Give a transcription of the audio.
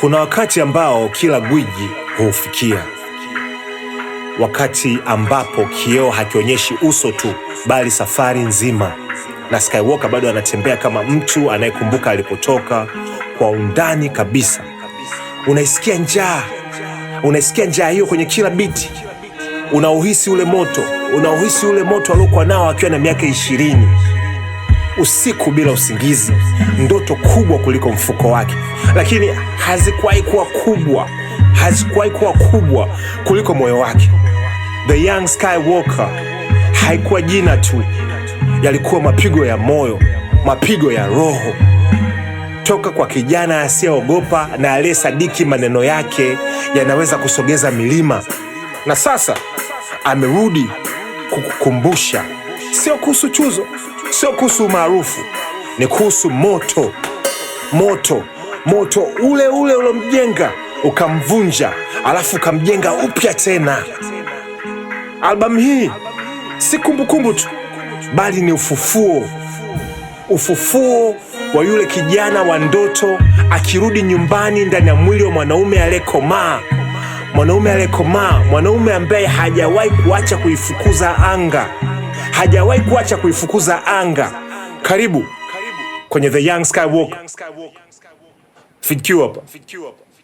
Kuna wakati ambao kila gwiji huufikia, wakati ambapo kioo hakionyeshi uso tu, bali safari nzima, na Skywalker bado anatembea kama mtu anayekumbuka alipotoka kwa undani kabisa. Unaisikia njaa, unaisikia njaa hiyo kwenye kila biti, unauhisi ule moto, unauhisi ule moto aliokuwa nao akiwa na miaka ishirini usiku bila usingizi, ndoto kubwa kuliko mfuko wake, lakini hazikuwahi kuwa kubwa, hazikuwahi kuwa kubwa kuliko moyo wake. The Young Skywalker haikuwa jina tu, yalikuwa mapigo ya moyo, mapigo ya roho toka kwa kijana asiyeogopa na aliyesadiki maneno yake yanaweza kusogeza milima. Na sasa amerudi kukukumbusha, sio kuhusu chuzo sio kuhusu umaarufu, ni kuhusu moto, moto, moto ule ule ulomjenga ukamvunja, alafu ukamjenga upya tena. Albamu hii si kumbukumbu tu, bali ni ufufuo, ufufuo wa yule kijana wa ndoto akirudi nyumbani ndani ya mwili wa mwanaume aliyekomaa mwanaume aliyekomaa, mwanaume ambaye hajawahi kuacha kuifukuza anga, hajawahi kuacha kuifukuza anga. Karibu kwenye The Young Skywalker. Fikiu hapa.